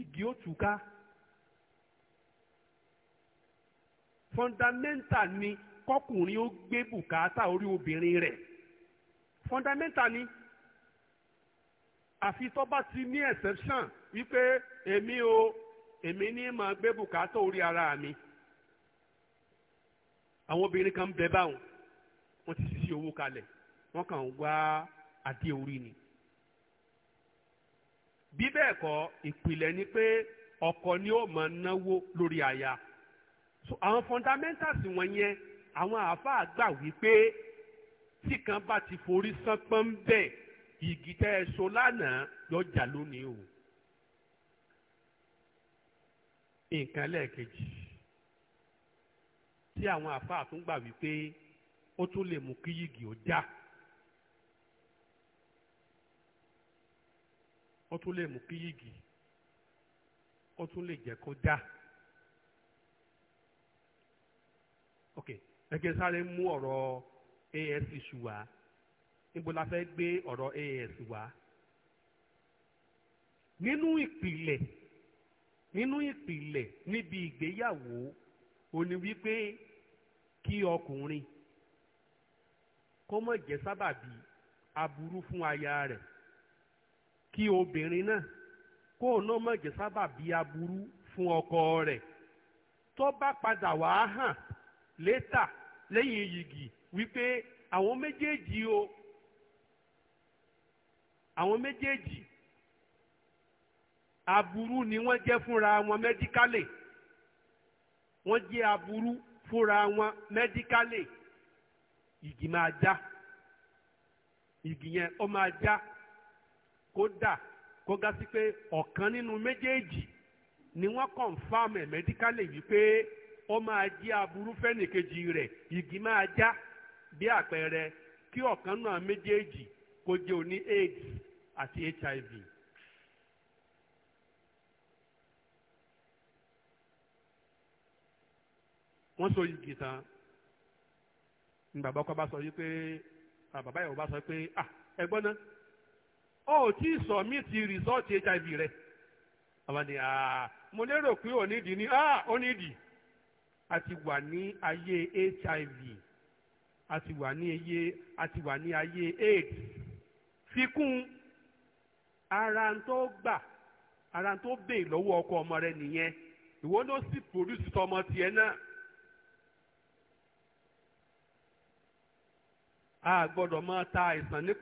igi ó túká fọndamẹ́ntà ni kọkùnrin ó gbé bùkátà orí obìnrin rẹ̀ fọndamẹ́ntà ni àfi tó bá ti ní exception wípé èmi o èmi ní máa gbé bùkátà orí ara mi àwọn obìnrin kan bẹ báwọn wọn ti ṣiṣẹ́ owó kalẹ̀ wọn kàn ń wá adé orí ni bí bẹ́ẹ̀ kọ́ ìpìlẹ̀ ni pé ọkọ ni ó máa náwó lórí aya so àwọn fundamentals wọ̀nyẹn àwọn àáfàá gbà wípé tí kan bá ti forí sánpọ́n ń bẹ̀ igi tẹ́ ẹ so lánàá lọ́jà lónìí o. nǹkan lẹ́ẹ̀kejì tí àwọn àáfàá tún gbà wípé ó tún lè mú kí yìgì ó já. Ja. ó tún lè mú kí yìgì ó tún lè jẹ́ kó dá. ok ẹgbẹ́ sáré mú ọ̀rọ̀ as issue wá níbo la fẹ́ gbé ọ̀rọ̀ as wá. nínú ìpìlẹ̀ nínú ìpìlẹ̀ níbi ìgbéyàwó ó wípé kí ọkùnrin kó má jẹ́ sábàbí aburú fún aya rẹ̀. kí obìnrin náà kó o náà mọ̀jẹ̀ sábà bí aburú fún ọkọ rẹ̀ tó bá padà wá hàn létà lẹ́yìn yìgì wípé àwọn méjèèjì o àwọn méjèèjì aburú ni wọ́n jẹ́ fúnra wọn mẹ́díkálì wọ́n jẹ́ aburú fúnra wọn mẹ́díkálì yìgì máa já yìgì yẹn ó máa já. Ja kó dà kó ga sí pé ọ̀kan nínú méjèèjì ni wọ́n confam ẹ̀ mẹ́díkálì wípé ó máa jẹ́ aburú fẹ́nìkejì rẹ̀ igi máa já bí àpẹẹrẹ kí ọ̀kan náà méjèèjì kó jẹ́ oní AIDS àti HIV. wọ́n so igi tán ni bàbá ọkọ bá sọ yí pé bàbá ìyàwó bá sọ pé ah ẹ gbọ́ náà o ti sọ ti hiv rẹ àwọn ni mo lérò pé ni ó onidi a ti wà ní ayé hiv a ti wà ní ayé a ti wà ní ayé aids ara tó gbà ara tó bè ọkọ ọmọ rẹ nìyẹn ìwọ ló sì pòdùsì tọmọ tiẹ̀ náà. a gbọ́dọ̀ máa ta àìsàn ní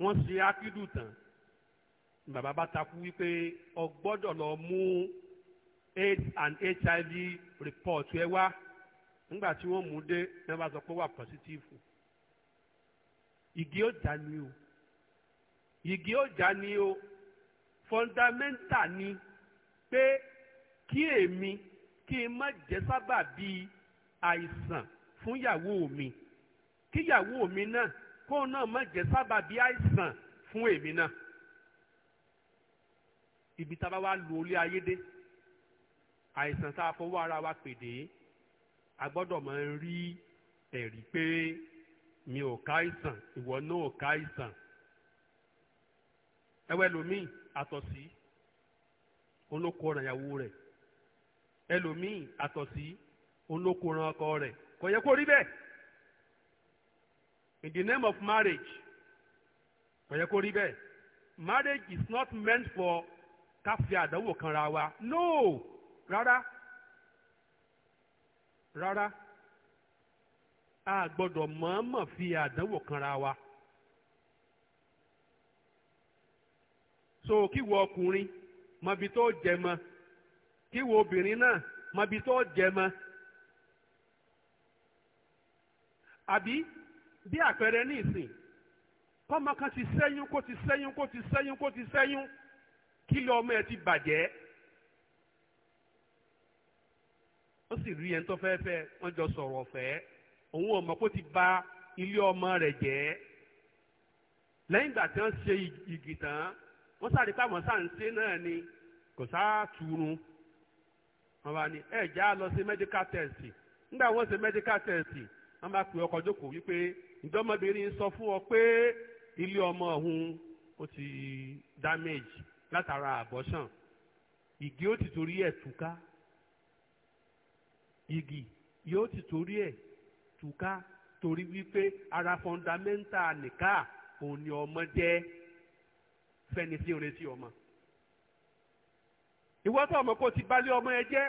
wọ́n ṣe ákídù tán bàbá bá takú wípé o gbọ́dọ̀ lọ mú AIDS and HIV report ẹ wá nígbà tí wọ́n mú dé ẹ bá sọ pé wà positive igi ó já ni o igi ó já ni o fọ́ndámẹ́ntà ni pé kí èmi kí n má jẹ́ sábà bíi àìsàn fún ìyàwó mi kíyàwó mi náà kóun náà má jẹ́ sábàbí àìsàn fún èmi náà ibi tá a bá wá lu olé ayé dé àìsàn tá a fọwọ́ ara wa pèdè a gbọ́dọ̀ máa ń rí ẹ̀rí pé mi ò ká àìsàn ìwọ náà ò ká àìsàn ẹwẹ́ lomiin àtọ̀sí olóko ọ̀ràn ìyàwó rẹ̀ ẹlòmíì àtọ̀sí olóko ọ̀ràn ọkọ rẹ̀ kò yẹ kó rí bẹ́ẹ̀. in the name of marriage kò yẹ marriage is not meant for ká fi àdánwò kan wa no rárá rárá a gbọdọ mọọmọ fi àdánwò kan wa. so kíwọ ọkùnrin mọbi tó jẹ mọ kíwọ obìnrin náà mọbi tó jẹ àbí bí àpẹẹrẹ ní ìsìn kọ́mọ kan ti sẹ́yún kó ti sẹ́yún kó ti sẹ́yún kó ti sẹ́yún kí lọ ọmọ ẹ ti bàjẹ́ ó sì rí ẹni tó fẹ́ fẹ́ wọ́n jọ sọ̀rọ̀ ọ̀fẹ́ òun ọmọ kó ti ba ilé ọmọ rẹ̀ jẹ́ lẹ́yìn ìgbà tí wọ́n ṣe igi tán wọ́n sáré pàmò sáǹsé náà ni kò sáà wọ́n bá ní ẹ̀ já lọ sí medical test nígbà wọ́n ṣe medical test wọ́n bá pè ọkọ̀ jókòó wípé ǹdọ́mọbìnrin sọ fún ọ pé ilé ọmọ ọ̀hún ó ti damage látara abortion igi ó ti torí ẹ̀ túká igi yóò ti torí ẹ̀ túká torí wípé ara fọ́ndámẹ́ńtà nìka òun ni ọmọ jẹ́ fẹ́ni tí ń retí ọmọ ìwọ tó ọmọ kó ti balẹ̀ ọmọ ẹ jẹ́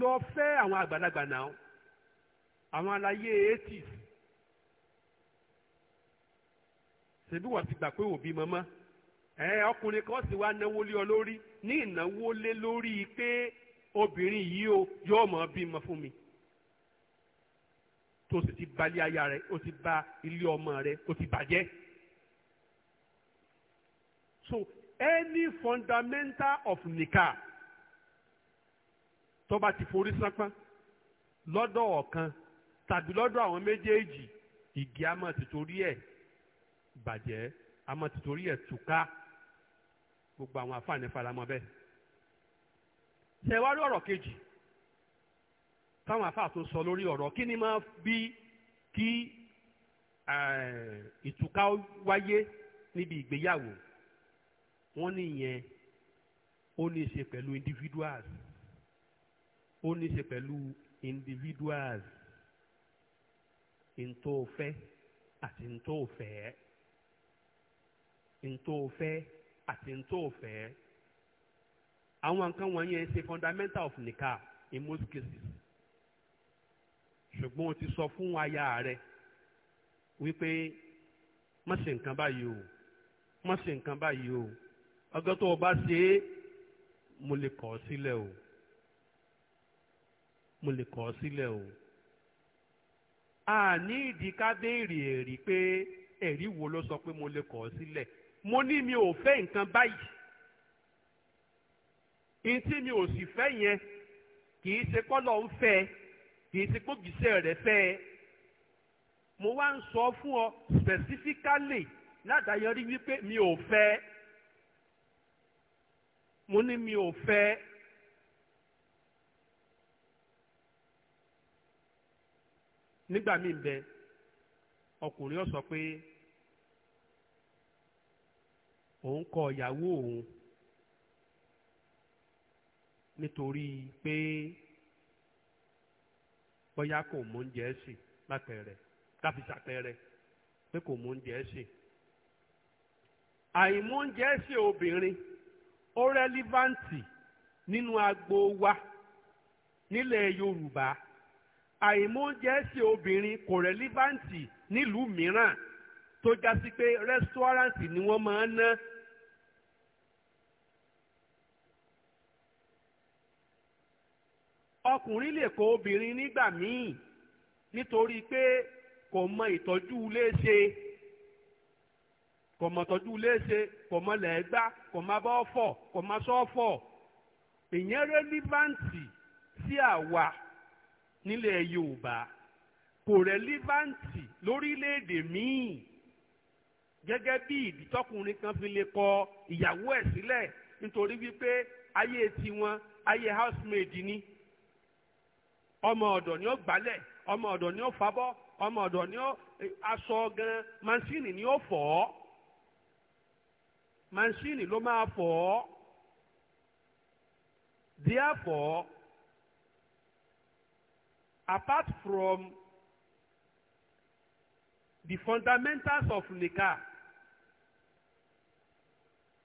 lọ fẹ́ àwọn àgbàlagbà náà àwọn aláyé eighties ṣèbí wọ́n ti gbà pé òbí mọ́mọ́ ẹ ọkùnrin kan sì wá náwó lé ọ lórí ní ìnáwó lé lórí pé obìnrin yìí o yóò mọ̀ bímọ fún mi tó sì ti ba aya rẹ ó ti ba ilé ọmọ rẹ ó ti bàjẹ́ so any fundamental of nikah tó bá ti forí sápá lọ́dọ̀ ọ̀kan tàbí lọ́dọ̀ àwọn méjèèjì ìgì ti torí ẹ̀ bàjẹ́ àmọ́ tìtorí ẹ̀ túká gbogbo àwọn àfààní faramọ́ bẹ́ẹ̀. ṣẹ̀wárí ọ̀rọ̀ kejì táwọn àfáà tó sọ lórí ọ̀rọ̀ kí ni máa bí kí ìtúká wáyé níbi ìgbéyàwó wọ́n ní ìyẹn ó ní í ṣe pẹ̀lú individuals ó ní í ṣe pẹ̀lú individuals ntòfẹ́ àti ntòfẹ́. ntòòfẹ́ àti ntòòfẹ́ àwọn nǹkan wọ̀nyẹn ṣe fundamental of nìka in most cases ṣùgbọ́n o ti sọ fún aya rẹ wípé má ṣe nǹkan báyìí o má ṣe nǹkan báyìí o ọgọ́ tó o bá ṣe é mo lè kọ̀ ọ́ sílẹ̀ o mo lè kọ̀ ọ́ sílẹ̀ o a ìdí ká béèrè ẹ̀rí pé ẹ̀rí wo ló sọ pé mo lè kọ̀ ọ́ sílẹ̀ mo ní mi ò fẹ́ nǹkan báyìí ntí mi ò sì fẹ́ yẹn kì í ṣe kọ́lọ̀ ń fẹ́ kì í ṣe kókìṣẹ́ rẹ̀ fẹ́ mo wá ń sọ fún ọ specifically ládàáyọrí wípé mi ò fẹ́ mo ní mi ò fẹ́. nígbà míì bẹ ọkùnrin ó sọ pé òun kọ ìyàwó òun nítorí pé bóyá kò mú oúnjẹ sí lápẹẹrẹ káfí sàpẹẹrẹ pé kò mú oúnjẹ sí àìmú oúnjẹ sí obìnrin ó rẹ́líváǹtì nínú agbo wa nílẹ̀ Yorùbá àìmú oúnjẹ sí obìnrin kò rẹ́líváǹtì nílùú mìíràn tó já sí pé rẹ́sítọ́ráǹtì ni wọ́n máa ń ná ọkùnrin lè kó obìnrin nígbà míì nítorí pé kò mọ ìtọ́jú ilé ṣe kò mọ ìtọ́jú ilé ṣe kò mọ lẹ́gbá kò mọ abọ́fọ̀ kò mọ sọ́fọ̀ ìyẹn rẹ́lífáǹtì sí àwa nílẹ̀ Yorùbá kò míì gẹ́gẹ́ bí kan fi lè kọ ìyàwó ẹ̀ sílẹ̀ nítorí wípé ayé tiwọn ayé housemaid ni ọmọ ọ̀dọ̀ ni ó gbálẹ̀ ọmọ ọ̀dọ̀ ni ó fabọ́ ọmọ ọ̀dọ̀ ni ó aṣọ gan mansíìnì ni ó fọ̀ ọ́ mansíìnì ló máa fọ̀ ọ́ therefore apart from the fundamentals of nika,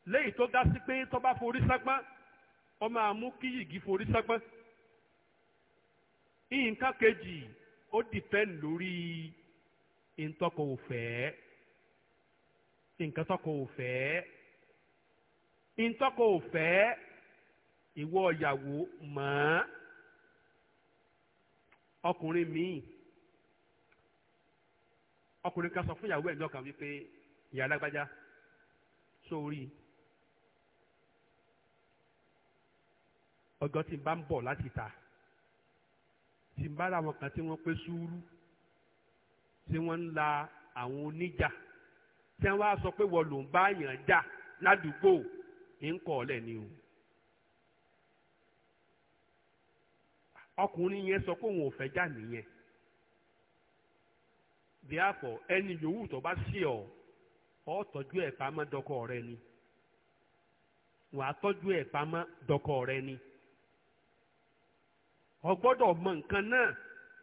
lẹ́yìn tó dá sí pé tó bá forí sápá ó máa kí yìgì forí sápá. nǹkan kejì ó dìpẹ́ǹd lórí ntọ́kọ òfẹ́ nǹkan òfẹ́ ntọ́kọ òfẹ́ ìwọ ìyàwó mọ́ ọkùnrin míì ọkùnrin kan sọ fún ìyàwó ẹ̀jọ́ kan wípé ìyá alágbájá sórí ọjọ́ tí n bá ń bọ̀ láti ta. tí n bá àwọn kan tí wọ́n pé sùúrù tí wọ́n ń la àwọn oníjà tí wọ́n á sọ pé wọ́n ló ń bá yàn jà ládùúgbò ń kọ̀ ọ́lẹ̀ ni o. ọkùnrin yẹn sọ pé òun ò fẹ́ já nìyẹn therefore ẹni yòówù tó bá sí ọ ọ tọ́jú ẹ̀ pamọ́ dọ́kọ̀ rẹ ni wàá tọ́jú ẹ̀ pamọ́ dọ́kọ̀ rẹ ni. o gbọ́dọ̀ mọ nǹkan náà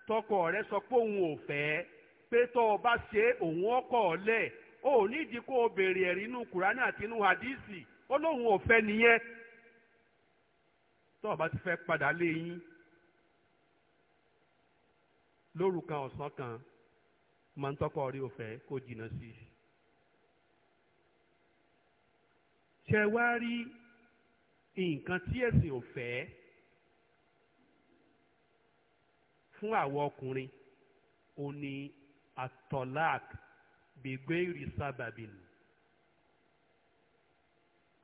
tọkọ rẹ sọ pé òun ò fẹ́ pé tọ́ ọ bá ṣe òun ọkọ̀ ọ̀lẹ̀ ò nídìí kó o béèrè ẹ̀rí inú kùránì àti inú hadísì ó lóun ò fẹ́ nìyẹn tọ́ ọ bá ti fẹ́ padà lé yín lóru kan ọ̀sán kan máa ń tọkọ rí òfẹ́ kó jìnnà sí i. ṣe rí nǹkan tí ẹ̀sìn ò fẹ́ fún àwọn ọkùnrin ó ní atọ́lák gbègbè ìrìsábàbìnú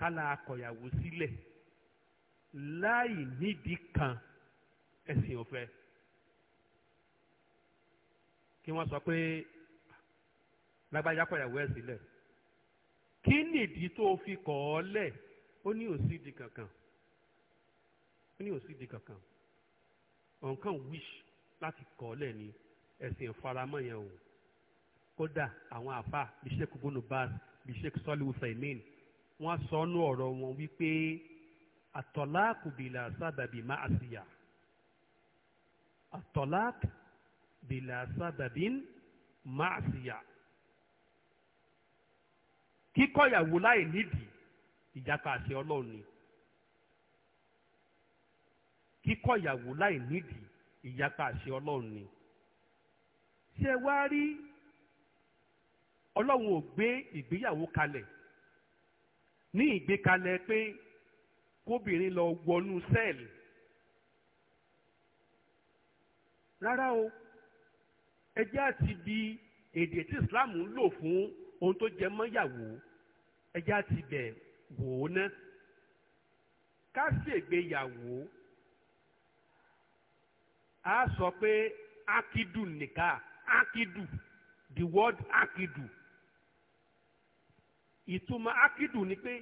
kálá akọ̀yàwó sílẹ̀ láì nídìí kan ẹ̀sìn ọ̀fẹ́ kí wọ́n sọ pé lágbájá kọ̀yàwó ẹ̀ sílẹ̀ kí nìdí tó fi kọ̀ ọ́ lẹ̀ ó ní òsídìí kankan ó ní òsídìí kankan ọ̀nkàn wíṣì láti kọ́ lẹ̀ ni ẹ̀sìn ìfaramọ́ yẹn o kódà àwọn àfa bishek bonobas bishek sọlí usaimin wọ́n sọ ọ́nú ọ̀rọ̀ wọn wípé àtọ̀láàkù bìlà sábàbí má àṣìyà àtọ̀láàkù bìlà sábàbí má àṣìyà kíkọ́ ìyàwó láì nídìí ìjàpá àṣẹ ọlọ́run ni kíkọ́ ìyàwó láì nídìí ìyapa àṣẹ ọlọ́run ni ṣé wá rí ọlọ́run ò gbé ìgbéyàwó kalẹ̀ ní ìgbékalẹ̀ pé kóbìnrin lọ wọnú sẹ́ẹ̀lì rárá o ẹjẹ́ àti bi èdè tí Islam ń lò fún ohun tó jẹ mọ́yàwó ẹjẹ́ àti bẹ̀ wò ó ná ká ṣègbéyàwó a sọ pé akidu nìka akidu the word akidu ìtumọ̀ akidu ni pé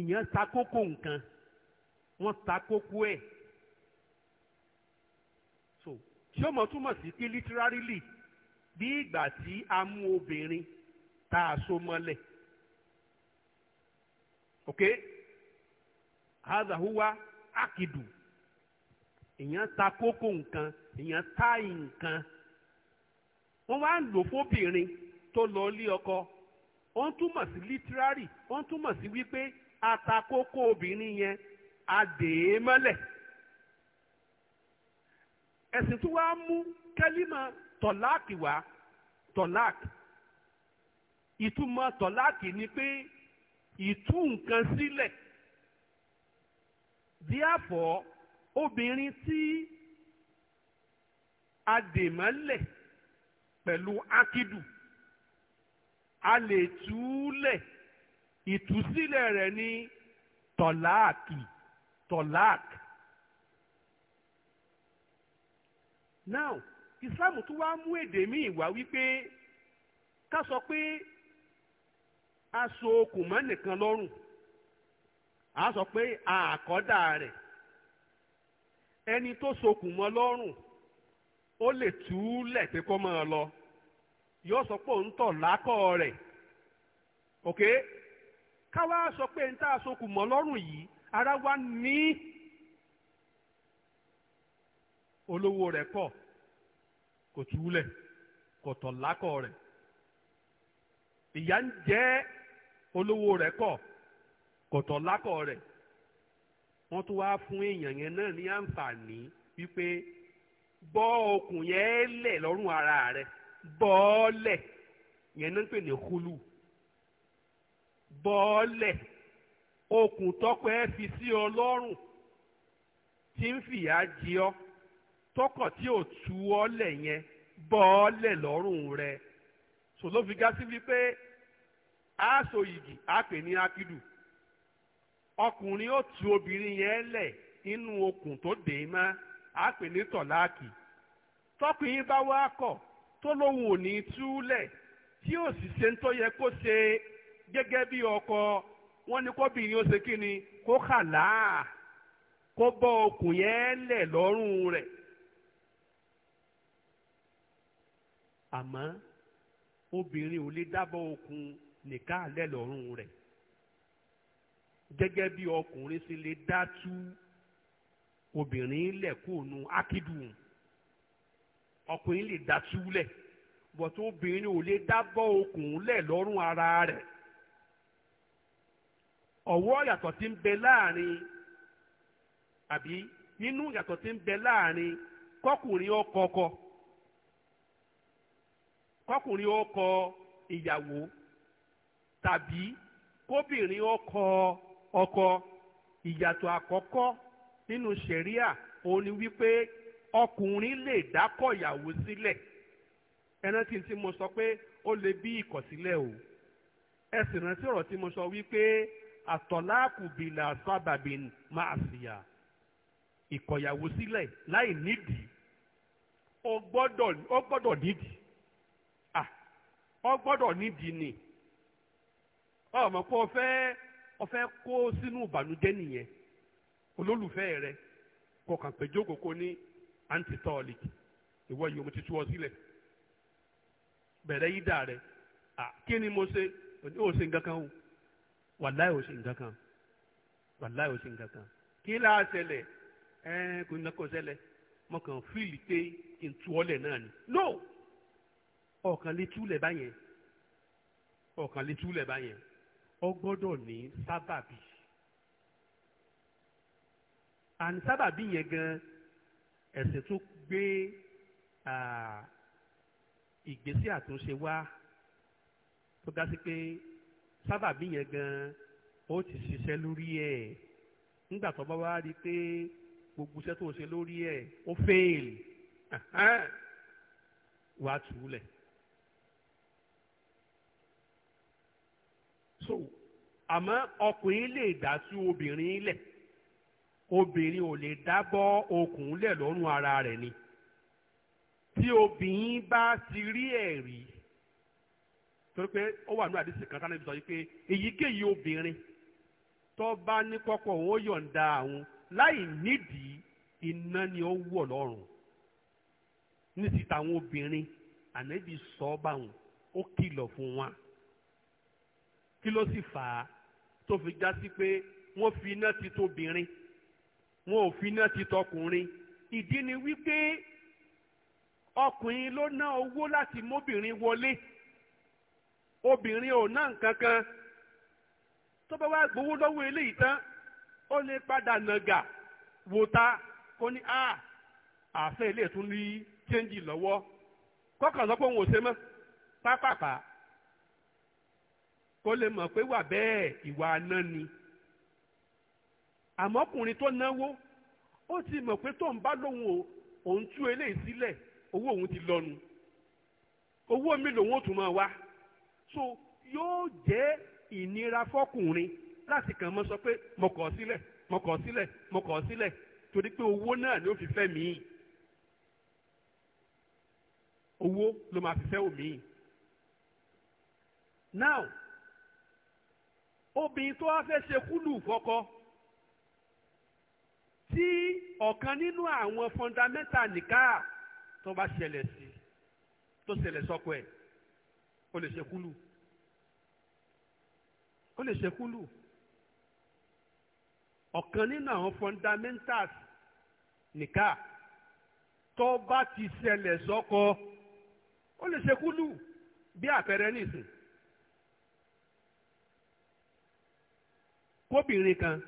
ìyẹn ta kókó nǹkan wọ́n ta ẹ̀ so tí ó mọ̀ túmọ̀ sí pé literally bí ìgbà tí a mú obìnrin tá a so mọ́lẹ̀ ok haza huwa akidu èèyàn ta kókó nǹkan èèyàn táì nǹkan wọ́n wá ń lò fóbìnrin tó lọ lé ọkọ ó ń túmọ̀ sí literary ó ń túmọ̀ sí wípé atakókó obìnrin yẹn adèé mọ́lẹ̀ ẹ̀sìn tó wá mú kẹ́límà tọ̀láàkì wá tọ̀láàkì ìtumọ̀ tọ̀láàkì ni pé ìtú nǹkan sílẹ̀ díàfọ́ obìnrin tí a dè mọ́lẹ̀ pẹ̀lú akídù a lè túlẹ̀ ìtúsílẹ̀ rẹ̀ ní tọ̀láàkì tọ̀láàkì. now islam tún wá mú èdè míì wá wípé ká sọ pé a so okùn mọ́ nìkan lọ́rùn a sọ pé àkọ́dà rẹ̀ ẹni tó sokùn mọ́ lọ́rùn ó lè túlẹ̀ pé kó máa lọ yóò sọ pé òun tọ̀ lákọ̀ rẹ̀ ok káwá sọ pé n tá sokùn mọ́ ara wa ní olówó rẹ̀ kọ̀ kò túlẹ̀ kò tọ̀ lákọ̀ rẹ̀ ìyá ń jẹ́ olówó rẹ̀ kọ̀ kò tọ̀ lákọ̀ rẹ̀. wọ́n tún wá fún èèyàn yẹn náà ní àǹfààní wípé bọ́ okùn yẹn lẹ̀ lọ́rùn ara rẹ̀ bọ́ ọ lẹ̀ yẹn náà ń pè ní hulu bọ́ ọ lẹ̀ okùn tọ́pẹ́ fi sí ọ lọ́rùn tí ń fìyà jẹ ọ tọkàn tí ò tú ọ lẹ̀ yẹn bọ́ ọ lẹ̀ lọ́rùn rẹ̀ sòlófin sí wípé aṣọ yìgì á ní akidu. ọkùnrin otu tu obìnrin yẹn lẹ̀ inú okùn tó dè é mọ́ á pè ní tọ̀láàkì tọkùnrin bá wá kọ̀ tó lóun ò ní túlẹ̀ tí sì ṣe ń tó yẹ kó ọkọ wọn ni kóbìnrin ó ṣe kí ni kó kà láà kó bọ́ okùn yẹn lẹ̀ lọ́rùn rẹ̀ àmọ́ obìnrin ò lè dábọ̀ okùn gẹ́gẹ́ bí ọkùnrin si lè dá tú obìnrin lẹ̀ kóònù ákídù ọkùnrin lè dá tú lẹ̀ bọ̀tú obìnrin ò lè dábọ́ okùn lẹ̀ lọ́rùn ara rẹ̀ ọ̀wọ́ yàtọ̀ ti ń bẹ láàrin àbí nínú yàtọ̀ ti ń bẹ láàrin kọkùnrin ọkọ ọkọ kọkùnrin ọkọ ìyàwó tàbí kóbìnrin ọkọ ọkọ ìyàtọ̀ àkọ́kọ́ nínú ṣẹ̀ríà òun ni wípé ọkùnrin lè dákọ̀ ìyàwó sílẹ̀ ẹrántí tí mo sọ pé ó lè bí ìkọ̀sílẹ̀ o ẹ sì rántí ọ̀rọ̀ tí mo sọ wípé àtọ̀láàkùbìlà sábàbìn máa ṣìyà ìkọ̀yàwó sílẹ̀ láì nídìí ó gbọ́dọ̀ nídìí ó gbọ́dọ̀ nídìí ni ọmọ kò fẹ́ o fẹ́ kó sínú ìbànújẹ́ nìyẹn olólùfẹ́ rẹ kọkàn péjọ kòkó ní antitolic ìwọ yìí o mo ti tú ọ sílẹ̀ bẹ̀rẹ̀ yí dà rẹ à kí ni mo ṣe o ṣe nǹkan kan o wàláì o ṣe nǹkan kan wàláì o ṣe nǹkan kan kí láà ṣẹlẹ̀ ẹ kò ní kò ṣẹlẹ̀ mo kàn fíìlì pé kí n tu ọlẹ̀ náà ni no ọ̀kan lè túlẹ̀ báyẹn ọ̀kan lè túlẹ̀ báyẹn ó gbọ́dọ̀ ní sábàbí àní sábàbí yẹn gan ẹ̀sìn tó gbé ìgbésí àtúnṣe wá tó dá sí pé sábàbí yẹn gan ó ti ṣiṣẹ́ lórí ẹ̀ nígbà tó bá wá rí i pé gbogbo iṣẹ́ tó ṣe lórí ẹ̀ ó fẹ́ẹ̀lì wàá tù ú lẹ̀. so àmọ́ ọkùnrin lè dá sí obìnrin lẹ̀ obìnrin ò lè dábọ́ okùn lẹ̀ lọ́rùn ara rẹ̀ ni tí obìnrin bá ti rí ẹ̀rí torí pé ó wà ní àdìsí kan tánà ibi sọ yìí pé èyíkéyìí obìnrin tó bá ní kọ́kọ́ òun ó yọ̀ǹda àwọn láì nídìí iná ni ó wọ̀ lọ́rùn ní ti tàwọn obìnrin ànábì sọ báwọn ó kìlọ̀ fún wọn kí ló sì fà á tó fi já sí pé wọ́n fi iná ti tóbìnrin wọn ò fi iná ti tọkùnrin ìdí ni wípé ọkùnrin ló ná owó láti móbìnrin wọlé obìnrin ò ná nǹkan tó bá wá gbowó lọ́wọ́ eléyìí tán ó lè padà nàgà wò ta kó ní a ah, àfẹ́ ilé tún rí chẹ́ńjì lọ́wọ́ kọ́kànlọ́pọ̀ òun ò ṣe mọ́ kó lè mọ̀ pé wà bẹ́ẹ̀ ìwà aná ni àmọ́kùnrin tó náwó ó ti mọ̀ pé tóun bá lóun òun tú eléyìí sílẹ̀ owó òun ti lọ́nu owó mi lòun ò tún máa wá so yóò jẹ́ ìnira fọkùnrin láti kàn mọ́ sọ pé mo kọ̀ ọ́ sílẹ̀ mo kọ̀ ọ́ sílẹ̀ mo kọ̀ sílẹ̀ torí pé owó náà ni ó fi fẹ́ mi owó ló máa fi fẹ́ òmíì now obìnrin tó wá fẹ́ ṣe kúlù fọ́kọ tí ọ̀kan nínú àwọn fọ́ndámẹ́ntà nìka tó bá ṣẹlẹ̀ sí tó ṣẹlẹ̀ sọ́kọ ẹ̀ ó lè ṣe kúlù ó lè ṣe kúlù ọ̀kan nínú àwọn fundamentals nìka tó bá ti ṣẹlẹ̀ sọ́kọ ó lè ṣe kúlù bí àpẹẹrẹ nìsín kóbìnrin kan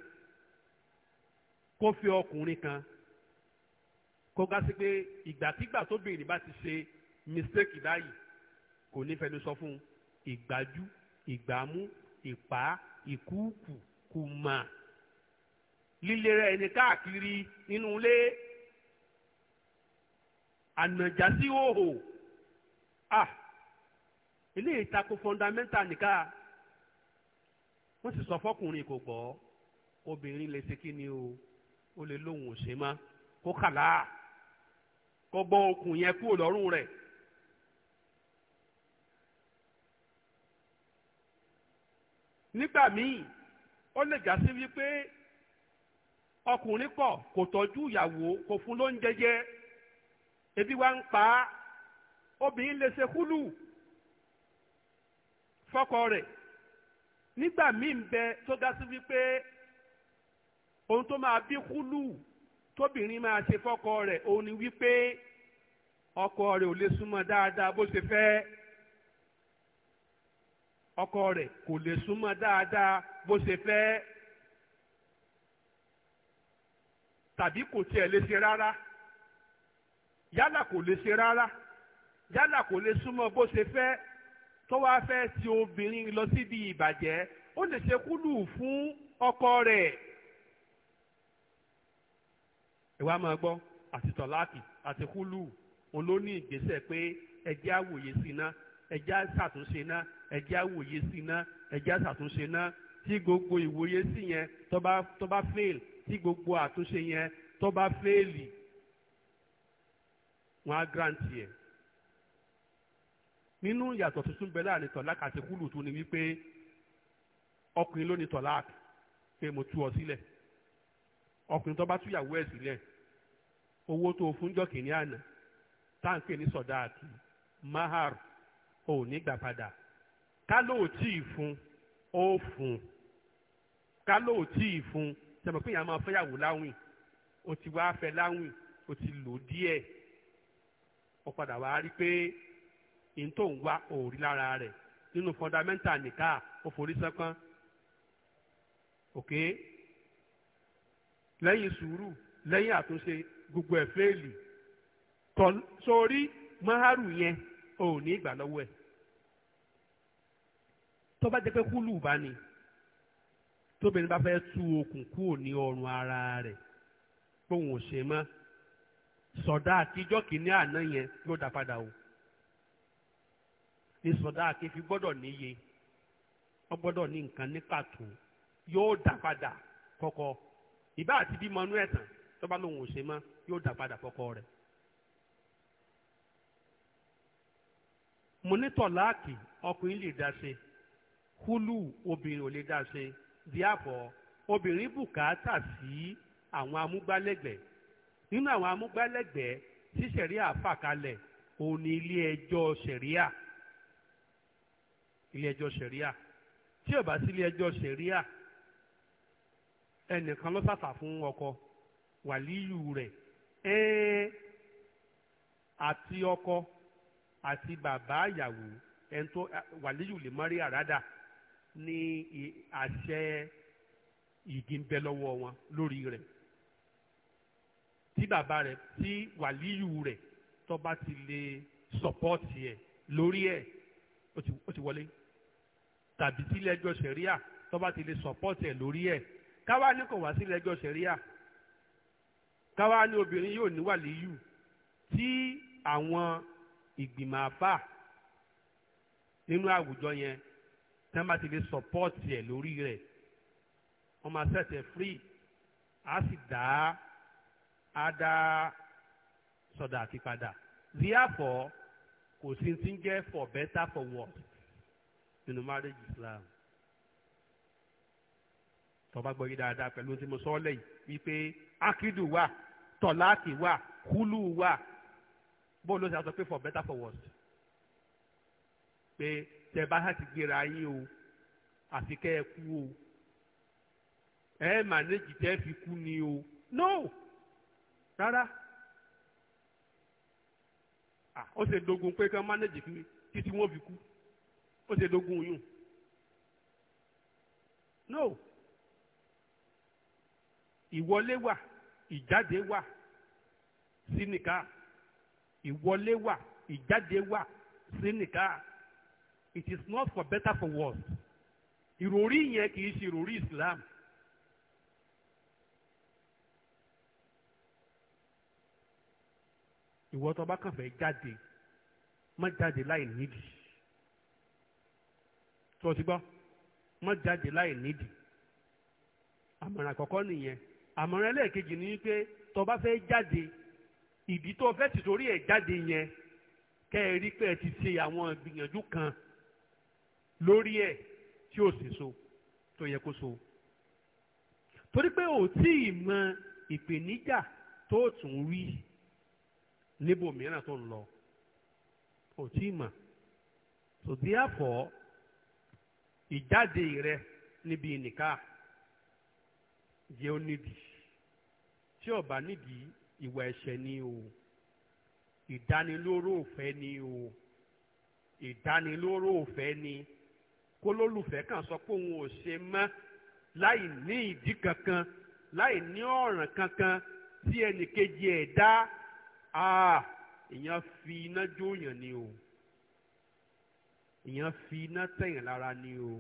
kó fi ọkùnrin kan kó ga sí pé ìgbàkigbà tóbìnrin bá ti ṣe mistake báyìí kò ní fẹnu sọ fún un ìgbájú ìgbámú ìpá ìkúùkù kùmà líle rẹ ẹni káàkiri nínú ilé ànàjà hòhò ah eléyìí tako fọndamẹ́ntà nìkan wọ́n sì sọ fọ́kùnrin kò gbọ́ obìnrin lè ṣe kí ni o ó lè lóhùn òṣè má kó kàlá kó bọ́ okùn yẹn kúrò lọ́rùn rẹ̀. nígbà míì ó lè já sí wípé ọkùnrin kọ kò tọ́jú ìyàwó kò fún lóúnjẹ jẹ ebi wá ń pa á obìnrin lè ṣe kúlù fọ́kọ rẹ̀ nígbà míì ń bẹ tó ga sí wípé ohun tó máa bí kúlù tóbìnrin máa ṣe fọ́kọ rẹ̀ òun ni wípé ọkọ rẹ̀ ò lè súnmọ́ dáadáa bó ṣe fẹ́ ọkọ rẹ̀ kò lè súnmọ́ dáadáa bó ṣe fẹ́ tàbí kò tiẹ̀ lè ṣe rárá yálà kò lè ṣe rárá yálà kò lè súnmọ́ bó ṣe fẹ́ tó wáá fẹ́ ti obìnrin lọ síbi ìbàjẹ́ ó lè ṣe kúlù fún ọkọ rẹ̀ ìwà máa gbọ́ àti tọ̀láàkì àti kúlù òun ló ní ìgbésẹ̀ pé ẹjẹ́ àwòye sí iná ẹjẹ́ àṣàtúnṣe iná ẹjẹ́ àwòye sí iná ẹjẹ́ àṣàtúnṣe iná tí gbogbo ìwòye sí yẹn tó bá tó bá fail tí gbogbo àtúnṣe yẹn tó bá fail wọ́n á grant yẹn nínú ìyàtọ̀ tuntun bẹ láàrin tọ̀láàkì àti kúlùtù ni wípé ọkùnrin ló ní tọ̀láàkì pé mo tú ọ sílẹ̀ ọkùnrin tó bá tú ìyàwó ẹ̀ sílẹ̀ owó tó fún jọ́kìnní àná táǹkì ní sọ̀dáàkì mahar ò ní gbà padà ká lóòtì fún ó fún ká lóòtì fún sẹ́mi pé ìyá máa fẹ́yàwó láwìn ó ti wá fẹ́ láwìn ó ti lò díẹ̀ ó padà wá rí pé èyí tó ń wá òòrí lára rẹ̀ nínú fọ̀dámẹ́ntà nìka ó forí sẹ́pọ́n òkè lẹ́yìn sùúrù lẹ́yìn àtúnṣe gbogbo ẹ̀ fẹ́ẹ̀lì tọ́ sórí máhàrù yẹn ò ní ìgbà lọ́wọ́ ẹ̀ tó bá jẹ́ pé kúlù bá ní tóbìnrin bá fẹ́ tú okùn kúrò ní ọrùn ara rẹ̀ pé òun ò ṣe mọ́ sọ̀dá àtijọ́ kìíní àná yẹn yóò dá padà o ní sọdáàkì fi gbọ́dọ̀ níye wọ́n gbọ́dọ̀ ní nǹkan ní pàtó yóò dà padà kọ́kọ́ ìbá àti bímọ inú ẹ̀tàn tó bá lòun ò ṣe mọ́ yóò dà padà kọ́kọ́ rẹ̀. mọ́nítọ̀ láàkì ọkùnrin lè dá ṣe húlù obìnrin ò lè dá ṣe díàpọ̀ obìnrin bùkátà sí àwọn amúgbálẹ́gbẹ̀ẹ́ nínú àwọn amúgbálẹ́gbẹ̀ẹ́ tí sẹ̀ríà fà kalẹ̀ òun ni ilé ẹjọ́ sẹ̀ríà. E ilé ẹjọ́ ṣẹ̀ríà tí ò bá sí ilé ẹjọ́ ṣẹ̀ríà ẹnìkan ló sàfà fún ọkọ wàlíyù rẹ̀ ẹ́ẹ́ àti ọkọ àti bàbá ìyàwó ẹni tó wàlíyù lè mọ́rí àràdà ní àṣẹ igi ń bẹ lọ́wọ́ wọn lórí rẹ̀ tí bàbá rẹ̀ tí wàlíyù rẹ̀ tó bá ti lè sọ̀pọ́ọ̀tì ẹ̀ lórí ẹ̀ ó ti wọlé tàbí sílé ẹjọ́ sẹ̀ríà tó bá ti lè sọ̀pọ́ọ̀tì ẹ̀ lórí ẹ̀ káwá ní kò wá sílé ẹjọ́ sẹ̀ríà káwá ní obìnrin yóò ní wàlíyù tí àwọn ìgbìmọ̀ àfà nínú àwùjọ yẹn tí wọ́n bá ti lè sọ̀pọ́ọ̀tì ẹ̀ lórí rẹ̀ wọ́n máa ṣẹ̀ṣẹ̀ free á sì dá á dá sọ̀dà àti padà díàfọ̀ kò sí ti ń jẹ́ for better for worse nínú marriage Islam tọba gbọ́ yìí dáadáa pẹ̀lú ohun tí mo sọ ọ́ lẹ́yìn wípé akidu wà tọ̀láàkì wà hulu wà bóun ló ṣe sọ pé for better for worse pé tẹ bá ṣáà ti gbéra yín o àfi kẹ́ ẹ kú o ẹ mànéjì tẹ́ fi kú ni o no rárá ó ṣe dogun pé kán mánéjì títí wọ́n fi kú ó ṣe dógún yùn no ìwọlé wà ìjáde wà síníkà ìwọlé wà ìjáde wà síníkà it is not for better for worse ìròrí yẹn kì í ṣe ìròrí Islam. ìwọ tó bá kàn fẹ́ jáde má jáde láì nídìí tó ti gbọ́ má jáde láì nídìí àmọ̀ràn àkọ́kọ́ nìyẹn àmọ̀ràn ẹlẹ́ẹ̀kejì ni wípé tó bá fẹ́ jáde ìdí tó fẹ́ tìtorí ẹ̀ jáde yẹn kẹ́ ẹ rí pé ẹ ti ṣe àwọn ìgbìyànjú kan lórí ẹ̀ tí ò sì so tó yẹ kó so torí pé ò tí ì mọ ìpèníjà tó tún rí níbòmíràn tó ń lọ ò tí ì mọ̀ so therefore ìjáde rẹ níbi ìnìká yẹ ó nídìí tí ó bá nídìí ìwà ẹ̀ṣẹ̀ ni o ìdánilóró òfẹ́ ni o ìdánilóró òfẹ́ ni kólólùfẹ́ kan sọ pé òun ò ṣe mọ́ láì ní ìdí kankan láì ní ọ̀ràn kankan tí ẹnìkejì ẹ̀ dá ìyẹn fi iná jó yàn ni o èèyàn fi iná tẹ̀yìn lára ni o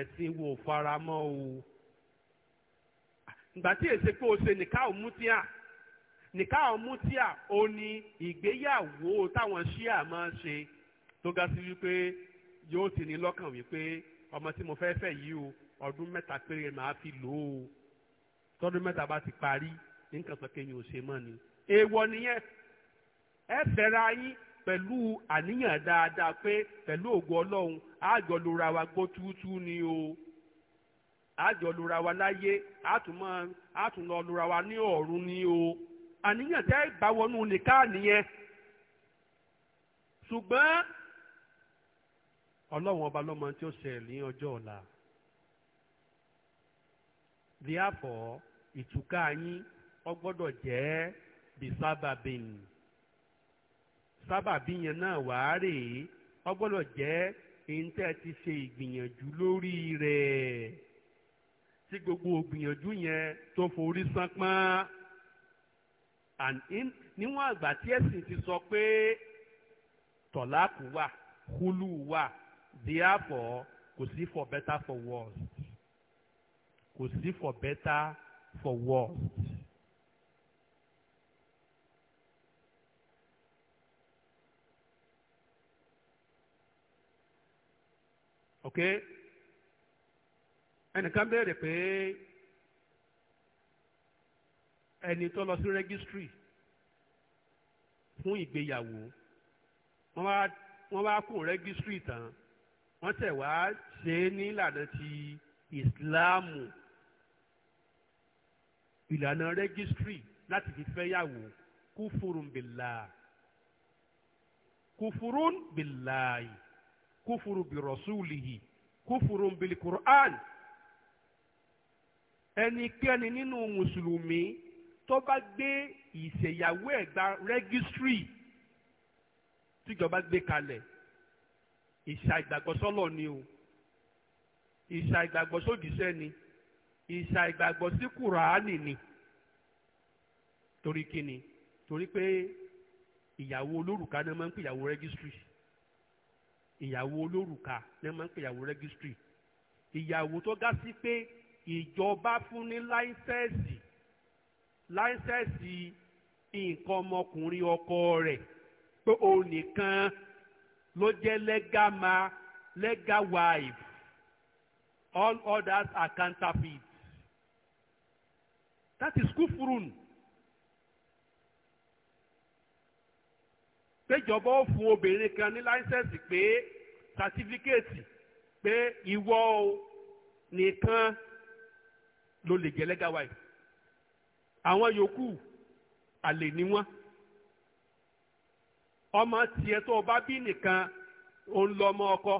ẹ̀sìn wo fara mọ́ o ìgbà tí èsè pé o ṣe nìka òmùtíà nìka òmùtíà o ní ìgbéyàwó táwọn ṣíà máa ń ṣe tó ga sí wípé yóò ti ní lọ́kàn wípé ọmọ tí mo fẹ́ fẹ́ yìí o ọdún mẹ́ta péré màá fi lò ó tọ́dún mẹ́ta bá ti parí nǹkan sọ kéyìn ò ṣe mọ́ ni èèwọ̀ nìyẹn ẹ fẹ́ra yín pẹ̀lú àníyàn dáadáa pé pẹ̀lú ògo ọlọ́run àjọ lura wa gbó túútú ni o àjọ lura wa láyé àtúmọ̀ àtúnlọ lura wa ní ọ̀run ni o àníyàn tẹ́ bá wọnú nìkan nìyẹn ṣùgbọ́n ọlọ́run ọba lọ́mọ tí ó ṣe ní ọjọ́ ọ̀la therefore ìtúká yín ó jẹ́ bisábàbìn sábàbí yẹn náà wàá rèé ọgbọ́dọ̀ jẹ́ èyí tẹ́ ẹ ti ṣe ìgbìyànjú lórí rẹ̀ tí gbogbo ògbìyànjú yẹn tó forí sánpọ́n níwọ̀n àgbà tí ẹ̀sìn ti sọ pé tọ̀láàkù wà húlù wà therefore kò sí for better for worse kò sí for better for worse. ok ẹnìkan béèrè pé ẹni tó lọ sí rẹ́gísírì fún ìgbéyàwó wọ́n wá wọ́n wá kún rẹ́gísírì tán wọ́n tẹ̀ wá ṣe é ní ìlànà ti ìsìláàmù ìlànà rẹ́gísírì láti fi fẹ́yàwó kúfurun bìláà kúfurun bìláà yìí kúfùrù bí rọ̀súùlìhì kúfùrù bìlì kùrán ẹnikẹ́ni nínú mùsùlùmí tó bá gbé ìṣèyàwó ẹ̀gbà rẹ́gísírì tíjọba gbé kalẹ̀ ìṣà ìgbàgbọ́sọ́lọ̀ ni o ìṣà ìgbàgbọ́sọ́dìṣẹ́ ni ìṣà ìgbàgbọ́sí kùránì ni torí kíni torí pé ìyàwó olórùka náà máa ń pè ìyàwó rẹ́gísírì ìyàwó olórùka ní wọ́n máa ń pè ìyàwó rẹ́gísítírì ìyàwó tó ga sí pé ìjọba fún ní láísẹ̀sì láísẹ̀sì nǹkan ọmọkùnrin ọkọ rẹ̀ pé òun nìkan ló jẹ́ legal ma legal wife all others are counterfeit that is kufurun. péjọba ó fún obìnrin kan ní láńsẹ̀sì pé sàtífíkẹ́ẹ̀tì pé ìwọ nìkan ló lè jẹ́ lẹ́gà wáyé àwọn yòókù àlè ni wọ́n ọmọ tiẹ̀ tó o bá bí nìkan ò ń lọ ọmọ ọkọ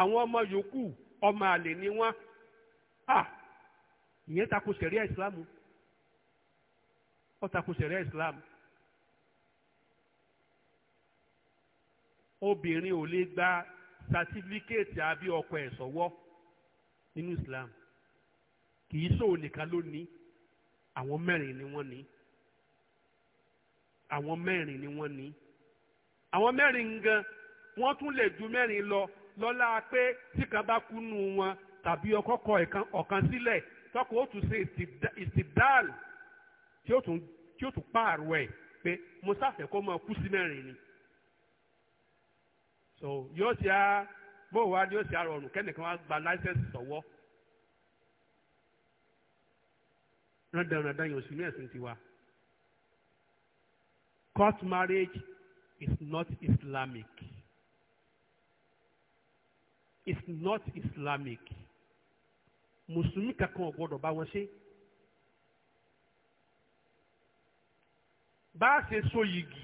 àwọn ọmọ yòókù ọmọ àlè ni wọ́n à ìyẹn tako sẹ̀ríà ìsìlámù ó tako sẹ̀ríà ìsìlámù obìnrin ò lè gba sátífíkẹ́ẹ̀tì àbí ọkọ ẹ̀ sọ́wọ́ nínú Islam kì í sóun nìkan ló àwọn mẹ́rin ni wọ́n ní àwọn mẹ́rin ni wọ́n ní àwọn mẹ́rin gan wọ́n tún lè ju mẹ́rin lọ lọ́la pé tí kan bá kú nù wọn tàbí ọkọ kọ ọ̀kan sílẹ̀ tọkọ ó tún ṣe ìsìdáàlì tí ó tún pààrọ̀ ẹ̀ pé mo sáfẹ́ kó máa kú sí mẹ́rin ni so yóò ti á bó wa ni yóò ti á rọrùn kẹ́nìkan wá gba láísẹ̀nsì sọ̀wọ́ randanrandan yóò sì ní ẹ̀sìn tiwa court marriage is not Islamic is not Islamic mùsùlùmí kankan ò gbọdọ̀ bá wọn ṣe. bá a ṣe so yìgì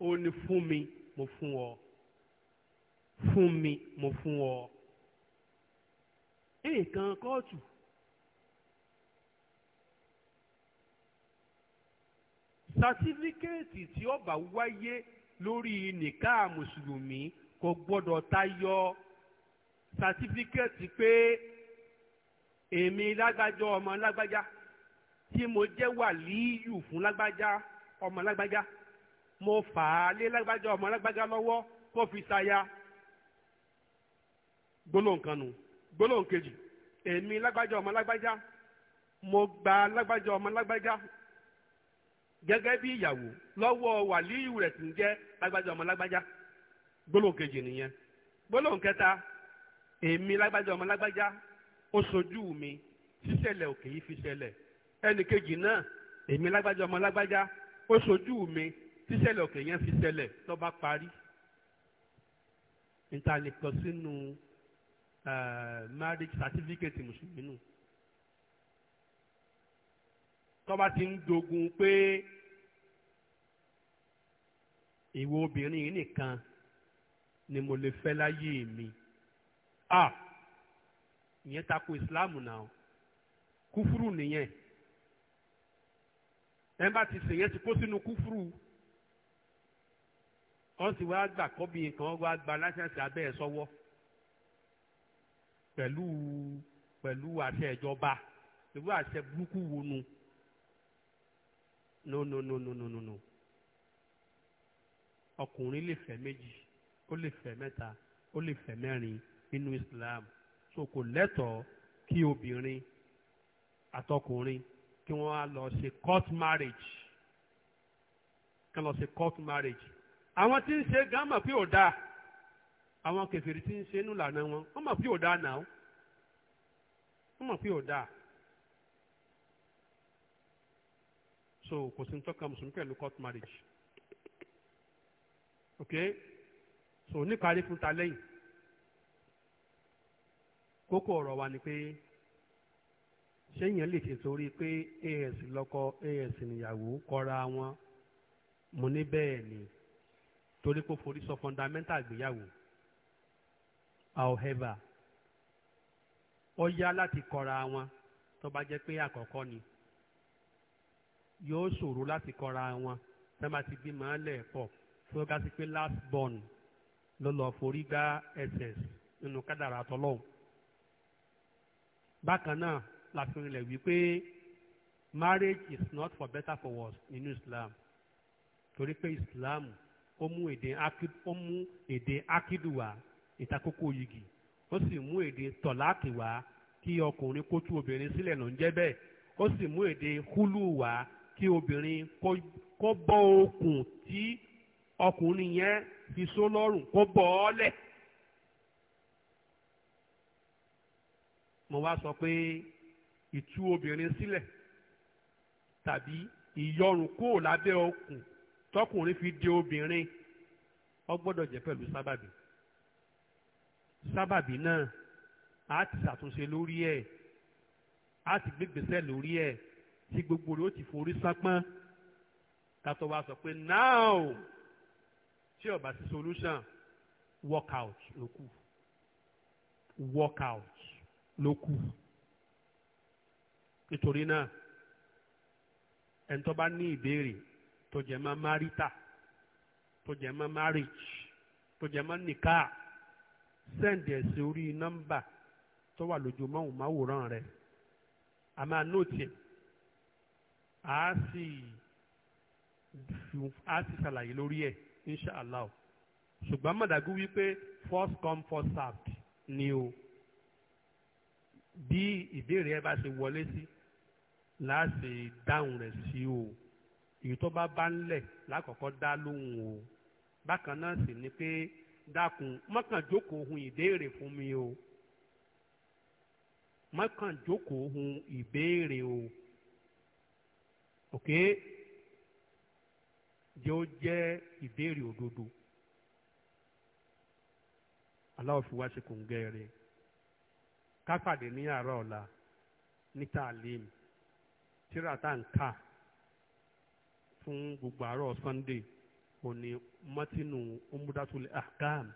ó ní fún mi mo fún ọ fún mi mo fún ọ nǹkan kóòtù sátífíkẹ́ẹ̀tì tí ó bá wáyé lórí nìka mùsùlùmí kò gbọ́dọ̀ tayọ sátífíkẹ́ẹ̀tì pé èmi lágbájá ọmọ lágbájá tí mo jẹ́ wàlíyù fún lágbájá ọmọ lágbájá mo fà á lé lágbájá ọmọ lágbájá lọ́wọ́ kó fi ṣaya gbólóhùn kan nù gbólóhùn kejì èmi lágbájá ọmọ lágbájá mo gba lágbájá ọmọ lágbájá gẹ́gẹ́ bí ìyàwó lọ́wọ́ wàlíù rẹ̀ tí ń jẹ́ lágbájá ọmọ lágbájá gbólóhùn kejì nìyẹn gbólóhùn kẹta èmi lágbájá ọmọ lágbájá ó sojú mi ṣíṣẹlẹ̀ òkè yìí fi ṣẹlẹ̀ ẹnì kejì náà èmi lágbájá ọmọ lágbájá ó sojú mi ṣíṣẹlẹ̀ òkè yẹn fi ṣẹlẹ̀ ló bá parí níta sínú. Eh, marriage certificate mùsùlùmí nù tọ́ba ti ń dogun pé ìwọ obìnrin yìí nìkan ni mo lè fẹ́ láyé mi ah ìyẹn tako ìsìláàmù náà kúfúrú nìyẹn ẹ bá ti sèyẹn ti kó sínú kúfúrú wọ́n sì wá gbà kọ́bí nǹkan wá gba láṣẹ̀ṣẹ̀ abẹ́ ẹ̀ sọ́wọ́ pẹ̀lú pẹ̀lú àṣẹ ìjọba irú àṣẹ burúkú wo nu no no no no no no no ọkùnrin lè fẹ́ méjì ó lè fẹ́ mẹ́ta ó lè fẹ́ mẹ́rin nínú Islam so kò lẹ́tọ̀ọ́ kí obìnrin àtọkùnrin kí wọ́n á lọ ṣe court marriage kí wọ́n lọ ṣe court marriage àwọn tí ń ṣe gámà pé ò dáa àwọn kẹfìrí tí ń ṣe nù lànà wọn wọ́n mọ̀ pé ò dáa náà wọ́n mọ̀ pé ò dáa so kò sí ní tọ́ka mùsùlùmí pẹ̀lú court marriage ok so níparí fún ta lẹ́yìn kókó ọ̀rọ̀ wa ni pé ṣéyìn lè ṣètò orí pé as lọ́kọ as níyàwó kọ́ra wọn mo ní bẹ́ẹ̀ ni torí pé forí sọ fọ́ndámẹ́ntà gbéyàwó however ó yá láti kọra wọn tó bá jẹ́ pé àkọ́kọ́ ni yóò ṣòro láti kọra wọn tá má ti bí màá tó ga sí pé last born ló lọ́ọ́ forí gbá ẹsẹ̀ nínú kádàrá tọ́lọ́hùn bákan náà la fi wípé marriage is not for better for worse nínú Islam torí pé Islam ó mú èdè akidu wá ìtakókó yìgì ó sì mú èdè tọ̀láàkì wá kí ọkùnrin kó tú obìnrin sílẹ̀ ló ń jẹ́ bẹ́ẹ̀ ó sì mú èdè húlù wá kí obìnrin kó bọ́ okùn tí ọkùnrin yẹn fi só lọ́rùn kó bọ́ ọ lẹ̀. mo wá sọ pé ìtú obìnrin sílẹ̀ tàbí ìyọrùn kúrò lábẹ́ okùn tọkùnrin fi de obìnrin ó gbọ́dọ̀ jẹ́ pẹ̀lú sábàbí sábàbí náà a ti ṣàtúnṣe lórí ẹ̀ a ti gbégbèsè lórí ẹ̀ tí gbogbo rẹ̀ ó ti forí sápọ́n kátó wa sọ pé now tí ó bá solution work out ló kù work out ló kù nítorí náà ẹni tó bá ní ìbéèrè tó jẹ mọ́ marital tó jẹ mọ́ marriage tó jẹ mọ́ nìkáà sẹ́ǹdì ẹ̀ sí orí nọ́mbà tó wà lójú mọ́wòmáwòrán rẹ̀ a máa nóòtì ẹ̀ a sì a sì ṣàlàyé lórí ẹ̀ inshàlá o ṣùgbọ́n mọ̀dàgú wípé first come first served ni o bí ìbéèrè ẹ bá ṣe wọlé sí láti dáhùn rẹ̀ sí o èyí tó bá bá ń lẹ̀ lákọ̀ọ́kọ́ dá lóhùn o bákan náà sì ni pé dákun mọ́kànjókòó hun ìbéèrè fún mi o mọ́kànjókòó hun ìbéèrè o ok jẹ́ o jẹ́ ìbéèrè òdodo aláwọ̀ fi wá ṣe kò ń gẹ́ rẹ̀ kápàdé ní àárọ̀ ọ̀la ní tààlim tíra tá à ń kà fún gbogbo àárọ̀ Sunday òní mọ́tínú umdatul ahkam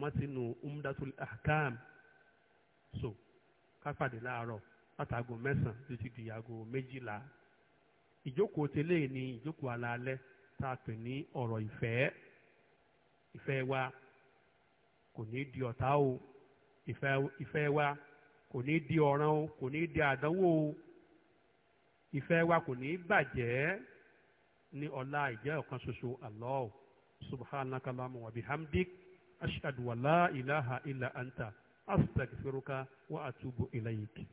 mọ́tínú umdatul ahkam so kápàdé láàárọ̀ látago mẹ́sàn-án títí di aago méjìlá ìjókòó tẹ́lẹ̀ ní ìjókòó alaalẹ́ tá a pè ní ọ̀rọ̀ ìfẹ́ ìfẹ́ wa kò ní di ọ̀tá o ìfẹ́ ìfẹ́ wa kò ní di ọ̀ràn o kò ní di àdánwò o ìfẹ́ wa kò ní bàjẹ́ ní ọlá ìjẹ́ ọ̀kan ṣoṣo Allah سبحانك اللهم وبحمدك أشهد ولا إله إلا أنت أستغفرك وأتوب إليك